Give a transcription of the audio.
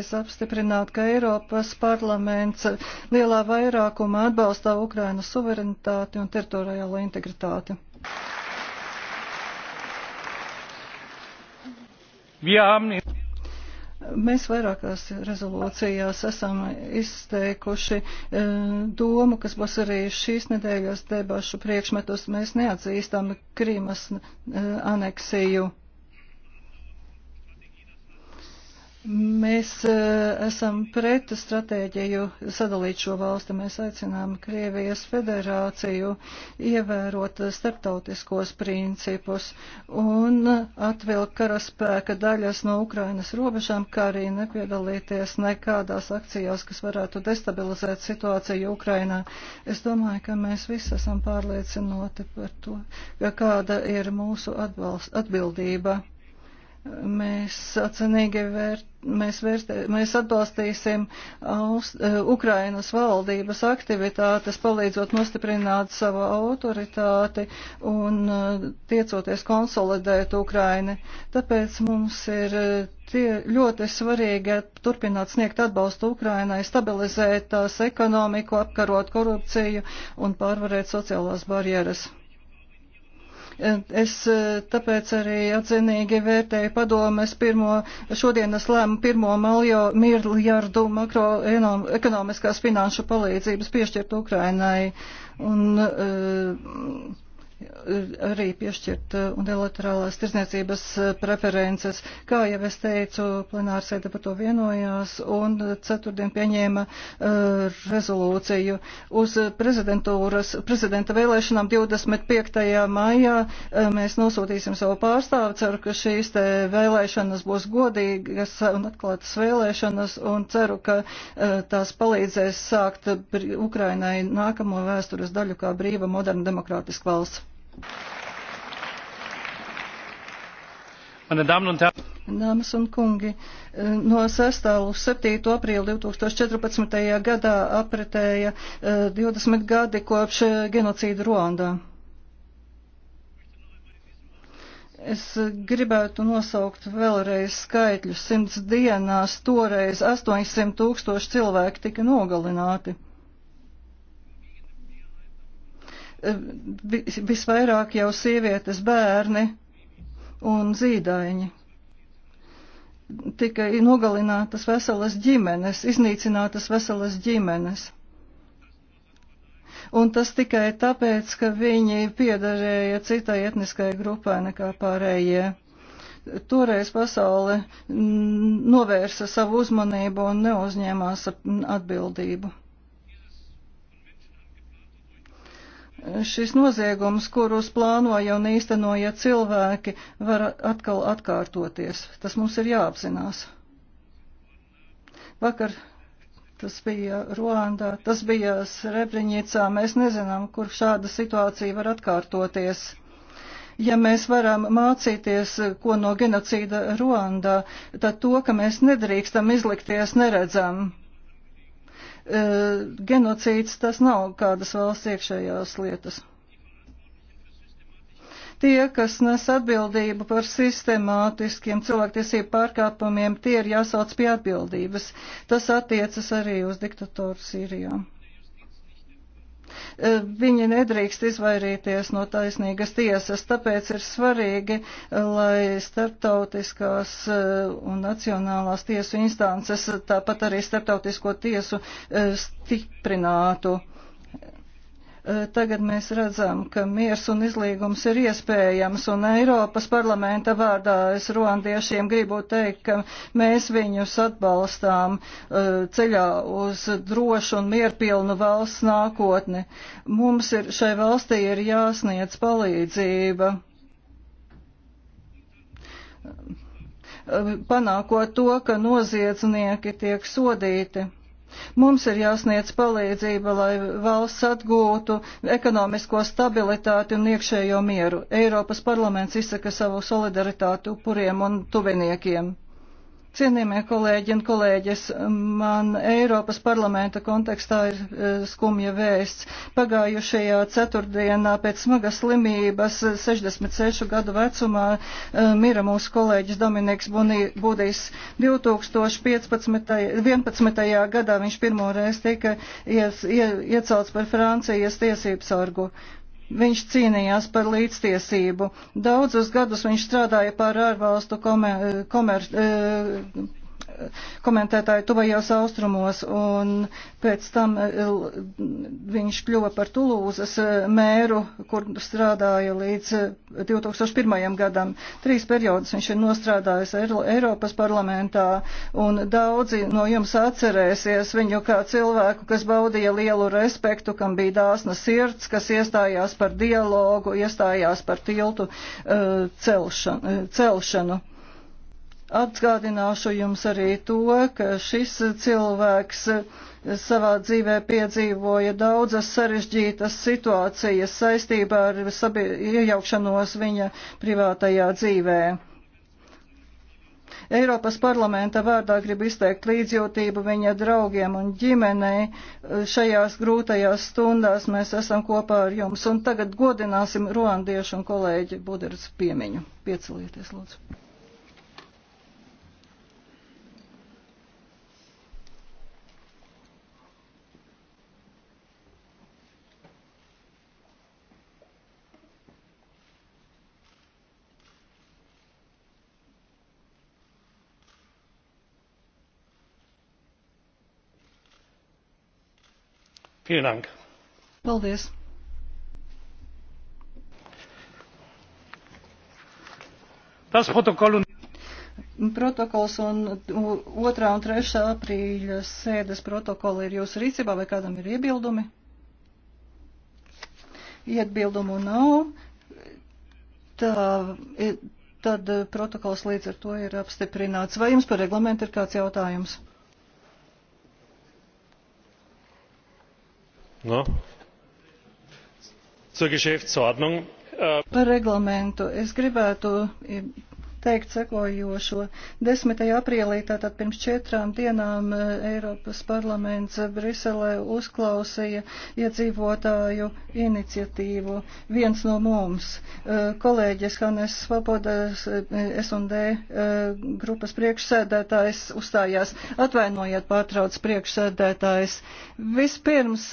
Es apstiprinātu, ka Eiropas parlaments lielā vairākumā atbalstā Ukrainas suverenitāti un teritoriālo integritāti. Mēs vairākās rezolūcijās esam izteikuši e, domu, kas būs arī šīs nedēļas debašu priekšmetus. Mēs neatzīstam Krīmas e, aneksiju. Mēs eh, esam pret stratēģiju sadalīt šo valsti. Mēs aicinām Krievijas federāciju ievērot starptautiskos principus un atvilkt karaspēka daļas no Ukrainas robežām, kā arī nepiedalīties nekādās akcijās, kas varētu destabilizēt situāciju Ukrainā. Es domāju, ka mēs visi esam pārliecināti par to, kāda ir mūsu atbalst, atbildība. Mēs atcenīgi vērt, mēs vērstē, mēs atbalstīsim Aust, eh, Ukrainas valdības aktivitātes, palīdzot nostiprināt savu autoritāti un eh, tiecoties konsolidēt Ukraini. Tāpēc mums ir eh, tie ļoti svarīgi turpināt sniegt atbalstu Ukrainai, stabilizēt tās ekonomiku, apkarot korupciju un pārvarēt sociālās barjeras. Es eh, tāpēc arī atzinīgi vērtēju padomes pirmo, šodienas lēmu pirmo maljo miljardu makroekonomiskās finanšu palīdzības piešķirt Ukrainai. Un, uh, arī piešķirt uh, unilaterālās tirzniecības uh, preferences. Kā jau es teicu, plenārsēde par to vienojās un ceturtdien pieņēma uh, rezolūciju. Uz prezidentūras, prezidenta vēlēšanām 25. maijā uh, mēs nosūtīsim savu pārstāvu. Ceru, ka šīs te vēlēšanas būs godīgas un atklātas vēlēšanas un ceru, ka uh, tās palīdzēs sākt Ukrainai nākamo vēstures daļu kā brīva, moderna, demokrātiska valsts. Meine Damen und Herren, Dāmas un kungi, eh, no 6. līdz 7. aprīļa 2014. gadā apritēja 20 eh, gadi kopš eh, genocīda Ruandā. Es gribētu nosaukt vēlreiz skaitļu. Simts dienās toreiz 800 tūkstoši cilvēki tika nogalināti. Visvairāk jau sievietes bērni un zīdaiņi. Tikai nogalinātas veselas ģimenes, iznīcinātas veselas ģimenes. Un tas tikai tāpēc, ka viņi piederēja citai etniskai grupai nekā pārējie toreiz pasaule novērsa savu uzmanību un neuzņēmās atbildību. šis noziegums, kurus plānoja un īstenoja cilvēki, var atkal atkārtoties. Tas mums ir jāapzinās. Vakar tas bija Ruandā, tas bija Srebrenicā. Mēs nezinām, kur šāda situācija var atkārtoties ja mēs varam mācīties, ko no genocīda Ruandā, tad to, ka mēs nedrīkstam izlikties neredzam genocīds tas nav kādas valsts iekšējās lietas. Tie, kas nes atbildību par sistemātiskiem cilvēktiesību pārkāpumiem, tie ir jāsauc pie atbildības. Tas attiecas arī uz diktatoru Sīrijā. E, viņi nedrīkst izvairīties no taisnīgas tiesas, tāpēc ir svarīgi, lai starptautiskās e, un nacionālās tiesu instances, tāpat arī starptautisko tiesu e, stiprinātu. Eh, tagad mēs redzam, ka miers un izlīgums ir iespējams, un Eiropas parlamenta vārdā es ruandiešiem gribu teikt, ka mēs viņus atbalstām eh, ceļā uz drošu un mierpilnu valsts nākotni. Mums ir, šai valstī ir jāsniedz palīdzība eh, panākot to, ka noziedznieki tiek sodīti. Mums ir jāsniedz palīdzība, lai valsts atgūtu ekonomisko stabilitāti un iekšējo mieru. Eiropas parlaments izsaka savu solidaritāti upuriem un tuviniekiem. Cienījamie kolēģi un kolēģis, man Eiropas parlamenta kontekstā ir e, skumja vēsts. Pagājušajā ceturtdienā pēc smagas slimības 66 gadu vecumā e, mira mūsu kolēģis Dominiks Budīs. 2011. gadā viņš pirmo reizi tika iecelts par Francijas tiesības sargu. Viņš cīnījās par līdztiesību. Daudzus gadus viņš strādāja par ārvalstu komer, komer, eh, komentētāju tuvajos austrumos, un pēc tam eh, viņš kļuva par Tulūzas eh, mēru, kur strādāja līdz 2001. Eh, gadam. Trīs periodus viņš ir nostrādājis Eiropas parlamentā, un daudzi no jums atcerēsies viņu kā cilvēku, kas baudīja lielu respektu, kam bija dāsna sirds, kas iestājās par dialogu, iestājās par tiltu celšanu. Atgādināšu jums arī to, ka šis cilvēks savā dzīvē piedzīvoja daudzas sarežģītas situācijas saistībā ar iejaukšanos viņa privātajā dzīvē. Eiropas parlamenta vārdā grib izteikt līdzjūtību viņa draugiem un ģimenei. Šajās grūtajās stundās mēs esam kopā ar jums un tagad godināsim ruandiešu un kolēģi Buderas piemiņu. Piecelieties, lūdzu. Paldies! Tas protokoll un protokols un 2. un 3. aprīļa sēdes protokoli ir jūsu rīcībā, vai kādam ir iebildumi? Iebildumu nav. Tā, tad protokols līdz ar to ir apstiprināts. Vai jums par reglamentu ir kāds jautājums? Äh. Par reglamentu es gribētu teikt sekojošo. 10. aprīlī, tātad pirms četrām dienām, eh, Eiropas parlaments Briselē uzklausīja iedzīvotāju iniciatīvu viens no mums. Eh, kolēģis Hannes Svobodas eh, S&D grupas priekšsēdētājs uzstājās. Atvainojiet, pārtrauc priekšsēdētājs. Vispirms,